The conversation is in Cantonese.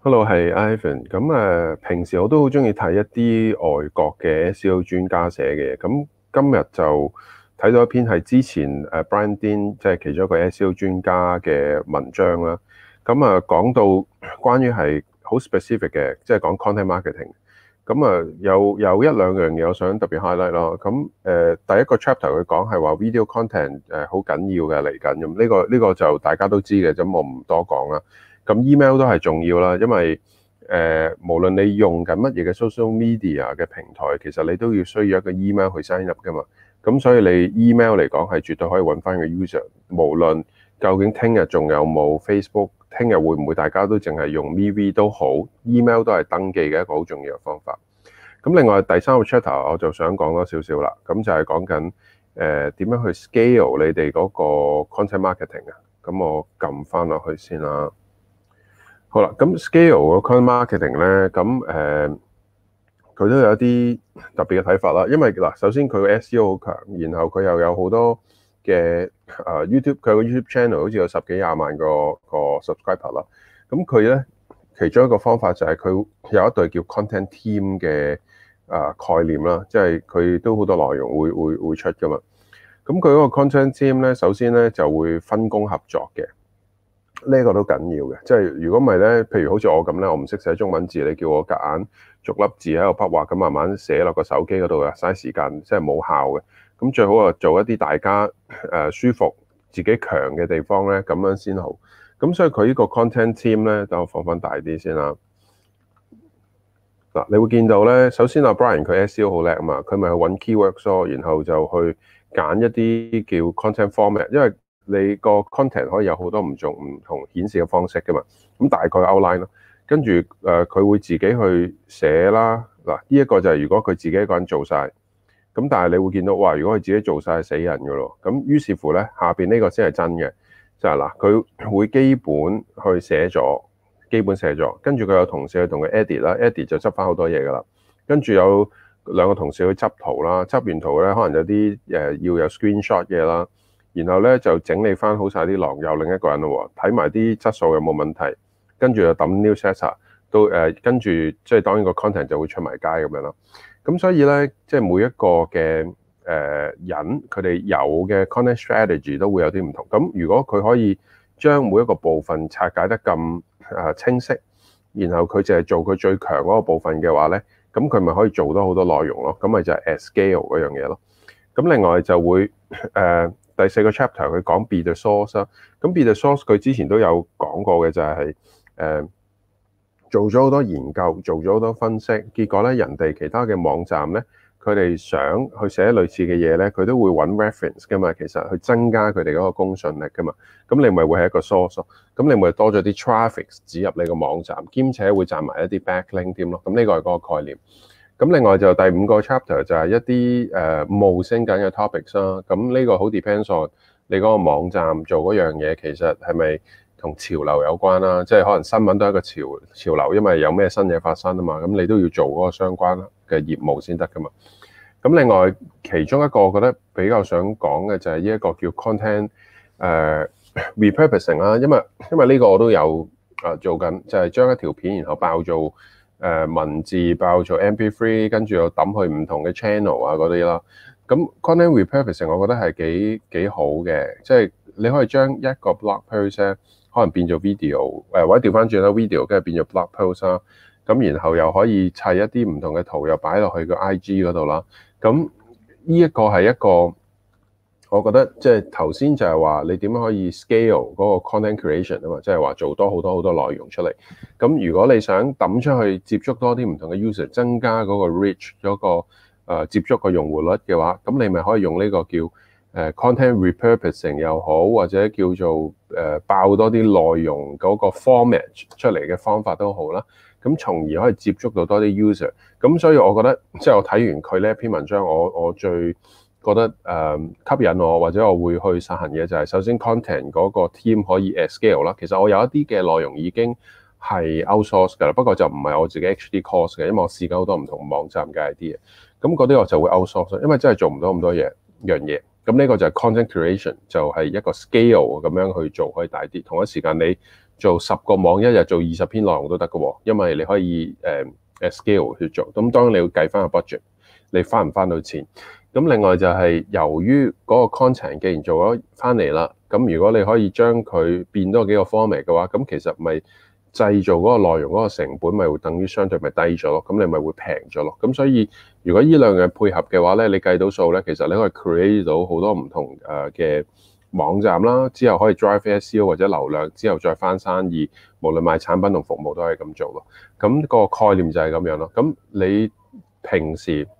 Hello，係 Ivan。咁誒，平時我都好中意睇一啲外國嘅 SEO 專家寫嘅。咁今日就睇到一篇係之前誒 Brian Dean，即係其中一個 SEO 專家嘅文章啦。咁啊，講到關於係好 specific 嘅，即係講 content marketing。咁啊，有有一兩樣嘢我想特別 highlight 咯。咁誒，第一個 chapter 佢講係話 video content 誒好緊要嘅嚟緊咁。呢個呢個就大家都知嘅，咁我唔多講啦。咁 email 都係重要啦，因為誒、呃，無論你用緊乜嘢嘅 social media 嘅平台，其實你都要需要一個 email 去 sign up 噶嘛。咁所以你 email 嚟講係絕對可以揾翻個 user。無論究竟聽日仲有冇 Facebook，聽日會唔會大家都淨係用 Viv 都好，email 都係登記嘅一個好重要嘅方法。咁另外第三個 chatter 我就想講多少少啦。咁就係講緊誒點樣去 scale 你哋嗰個 content marketing 啊。咁我撳翻落去先啦。好啦，咁 scale 嘅 content marketing 咧，咁誒佢都有一啲特別嘅睇法啦。因為嗱，首先佢個 SEO 好強，然後佢又有好多嘅誒、呃、YouTube，佢個 YouTube channel 好似有十幾廿萬個個 subscriber 啦。咁佢咧其中一個方法就係佢有一隊叫 content team 嘅誒、呃、概念啦，即係佢都好多內容會會會出噶嘛。咁佢嗰個 content team 咧，首先咧就會分工合作嘅。呢個都緊要嘅，即係如果唔係咧，譬如好似我咁咧，我唔識寫中文字，你叫我夾硬逐粒字喺度筆畫咁慢慢寫落個手機嗰度呀，嘥時間，即係冇效嘅。咁最好啊，做一啲大家誒舒服、自己強嘅地方咧，咁樣先好。咁所以佢呢個 content team 咧，等我放翻大啲先啦。嗱，你會見到咧，首先阿、啊、Brian 佢 SEO 好叻啊嘛，佢咪去揾 keywords 咯，然後就去揀一啲叫 content format，因為你個 content 可以有好多唔同唔同顯示嘅方式㗎嘛？咁大概 outline 咯，跟住誒佢會自己去寫啦。嗱，呢一個就係如果佢自己一個人做晒，咁但係你會見到哇，如果佢自己做曬死人㗎咯，咁於是乎咧，下邊呢個先係真嘅，就係嗱佢會基本去寫咗，基本寫咗，跟住佢有同事去同佢 edit 啦，edit 就執翻好多嘢㗎啦，跟住有兩個同事去執圖啦，執完圖咧可能有啲誒要有 screenshot 嘅啦。然後咧就整理翻好曬啲狼，又另一個人咯喎，睇埋啲質素有冇問題，跟住就抌 newsetter 都誒，跟住即係當然個 content 就會出埋街咁樣咯。咁所以咧，即係每一個嘅誒人，佢哋有嘅 content strategy 都會有啲唔同。咁如果佢可以將每一個部分拆解得咁誒清晰，然後佢淨係做佢最強嗰個部分嘅話咧，咁佢咪可以做到好多內容咯。咁咪就係 at scale 嗰樣嘢咯。咁另外就會誒。第四個 chapter 佢講 be the source 咁 be the source 佢之前都有講過嘅就係、是、誒、呃、做咗好多研究，做咗好多分析，結果咧人哋其他嘅網站咧，佢哋想去寫類似嘅嘢咧，佢都會揾 reference 噶嘛，其實去增加佢哋嗰個公信力噶嘛，咁你咪會係一個 source，咁你咪多咗啲 traffic 指入你個網站，兼且會賺埋一啲 backlink 添咯，咁呢個係嗰個概念。咁另外就第五個 chapter 就係一啲誒冒升緊嘅 topics 啦。咁、呃、呢、啊、個好 depends on 你嗰個網站做嗰樣嘢，其實係咪同潮流有關啦、啊？即、就、係、是、可能新聞都係一個潮潮流，因為有咩新嘢發生啊嘛。咁你都要做嗰個相關嘅業務先得㗎嘛。咁另外其中一個我覺得比較想講嘅就係呢一個叫 content 誒、呃、repurposing 啦、啊，因為因為呢個我都有啊做緊，就係、是、將一條片然後爆做。誒文字爆做 MP3，跟住又揼去唔同嘅 channel 啊嗰啲啦。咁 content repurposing 我覺得係幾幾好嘅，即係你可以將一個 blog post 可能變做 video，誒或者調翻轉啦 video，跟住變咗 blog post 啦，咁然後又可以砌一啲唔同嘅圖又擺落去個 IG 嗰度啦，咁呢一個係一個。我覺得即係頭先就係話你點樣可以 scale 嗰個 content creation 啊嘛，即係話做多好多好多內容出嚟。咁如果你想抌出去接觸多啲唔同嘅 user，增加嗰個 reach 嗰個誒接觸個用戶率嘅話，咁你咪可以用呢個叫誒 content repurposing 又好，或者叫做誒爆多啲內容嗰個 format 出嚟嘅方法都好啦。咁從而可以接觸到多啲 user。咁所以我覺得即係、就是、我睇完佢呢一篇文章，我我最覺得誒、呃、吸引我，或者我會去實行嘢，就係，首先 content 嗰個 team 可以 a scale 啦。其實我有一啲嘅內容已經係 outsource 㗎啦，不過就唔係我自己 HD course 嘅，因為我試過好多唔同網站嘅啲嘢。咁嗰啲我就會 outsource，因為真係做唔到咁多嘢樣嘢。咁呢個就係 content creation，就係一個 scale 咁樣去做可以大啲。同一時間你做十個網，一日做二十篇內容都得㗎，因為你可以誒 scale 去做。咁當然你要計翻個 budget，你翻唔翻到錢？咁另外就係由於嗰個 content 既然做咗翻嚟啦，咁如果你可以將佢變多幾個 format 嘅話，咁其實咪製造嗰個內容嗰個成本咪會等於相對咪低咗咯，咁你咪會平咗咯。咁所以如果呢兩樣配合嘅話咧，你計到數咧，其實你可以 create 到好多唔同誒嘅網站啦，之後可以 drive SEO 或者流量，之後再翻生意，無論賣產品同服務都係咁做咯。咁個概念就係咁樣咯。咁你平時